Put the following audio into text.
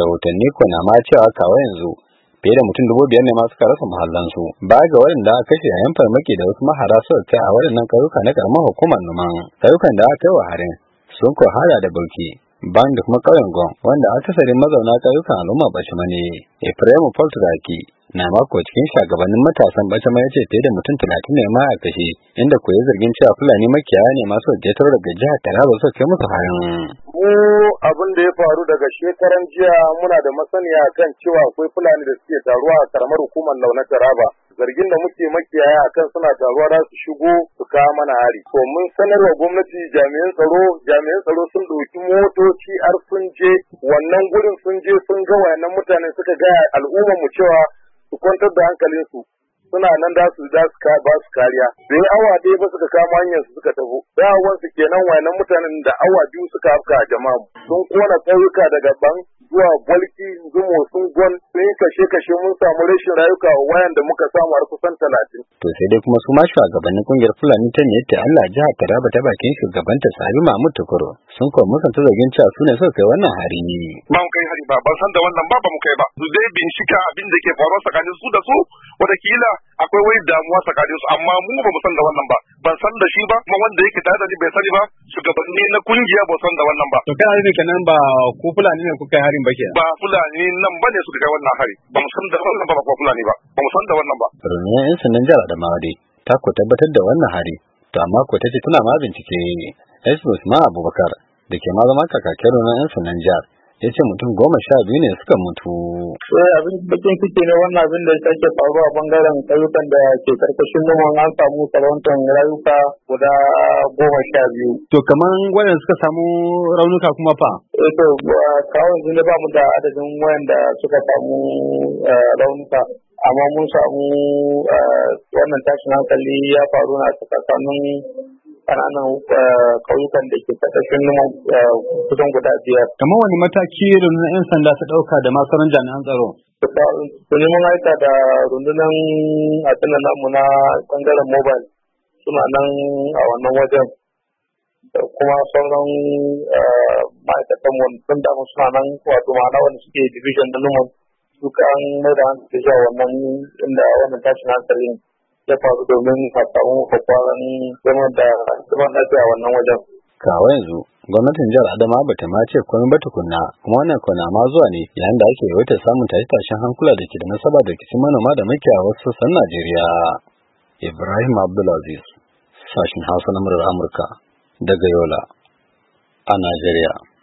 rahotanni ko na ma cewa kawai yanzu fiye da mutum dubu biyar ne ma suka rasa mahallansu ba ga waɗanda aka kashe a yayin farmaki da wasu mahara suka kai a waɗannan ƙauyuka na ƙaramar hukumar numan ƙauyukan da aka kai wa harin sun ko hada da bulki ban da kuma ƙauyen gon wanda akasarin mazauna ƙauyukan al'umma ma ne efraimu poltraki na mako cikin shagabannin matasan bacama ya ce fiye da mutum talatin ne ma a kashe inda koyi zargin cewa fulani makiyaya ne masu wajetar daga jihar taraba su ke musu harin. mu abin da ya faru daga shekaran jiya muna da masaniya kan cewa akwai fulani da suke taruwa a karamar hukumar launa taraba zargin da muke makiyaya akan suna taruwa za su shigo su kawo mana hari. to mun sanarwa gwamnati jami'an tsaro jami'an tsaro sun ɗauki motoci har sun je wannan gurin sun je sun ga wayannan mutane suka gaya al'ummar mu cewa su kwantar da hankalinsu suna nan da su da su ba su kariya bai awa ɗaya ba suka kama hanyar su suka tafi dawowan su kenan wayannan mutanen da awa biyu suka afka jama'a sun kona tsayuka daga ban zuwa gwalki zumo sun gon sun yi kashe kashe mun samu rashin rayuka a wayan da muka samu har kusan talatin. to sai dai kuma su ma shugabannin kungiyar fulani ta ne ta Allah jihar Taraba ta bakin shugabanta Sabi Mahmud Tukuro sun kuma ta zargin cewa su ne suka kai wannan hari ne. ba mu kai hari ba ban san da wannan ba ba mu kai ba su dai bincika abin da ke faruwa tsakanin su da su kila akwai wai damuwa tsakanin su amma mu ba mu san da wannan ba ban san da shi ba kuma wanda yake tare da ni bai sani ba shugabanni na kungiya ba san da wannan ba to kai hari kenan ba ku fulani ne kuka harin ba kenan ba fulani nan ba ne suka kai wannan hari ba mu san da wannan ba ku fulani ba ba mu san da wannan ba rundunar yan sandan jihar da dai ta ku tabbatar da wannan hari to amma ta tace tana ma bincike Ismus ma Abubakar da ke ma zama kakakin rundunar yan sandan jihar ya ce mutum goma sha biyu ne suka mutu. abin bakin kike ne wannan abin da ke faruwa a bangaren ayyukan da ke karkashin noman an samu sarautar rayuka guda goma sha biyu. To kamar wayan suka samu raunuka kuma fa? Eh to kawai yanzu ne ba mu da adadin wayan da suka samu eh, raunuka. Amma mun samu eh, wannan tashin hankali ya faru na tsakanin ƙananan eh, ƙauyukan da ke ƙarƙashin numan eh, kusan guda biyar. Kamar wani mataki rundunar 'yan sanda ta ɗauka da masarar jami'an tsaro? su neman aika da rundunar a da namu na ɓangaren mobile suna nan a wannan wajen. Da kuma sauran eh, ma'aikatan wannan damu suna nan wato ma'ana wanda suke division da numan. Dukan an mai da hankali zuwa wannan inda wannan tashin hankalin. ya faru domin a samu kwakwaran da zaman lafiya wannan wajen. Kawo yanzu gwamnatin jihar Adama ba ta mace ce komai ba tukunna kuma wannan kwana ma zuwa ne yayin da ake yawaita samun tashe-tashen hankula da ke da nasaba da rikicin manoma da makiya wasu sassan Najeriya. Ibrahim Abdulaziz, sashen Hausa na Amurka daga Yola a Najeriya.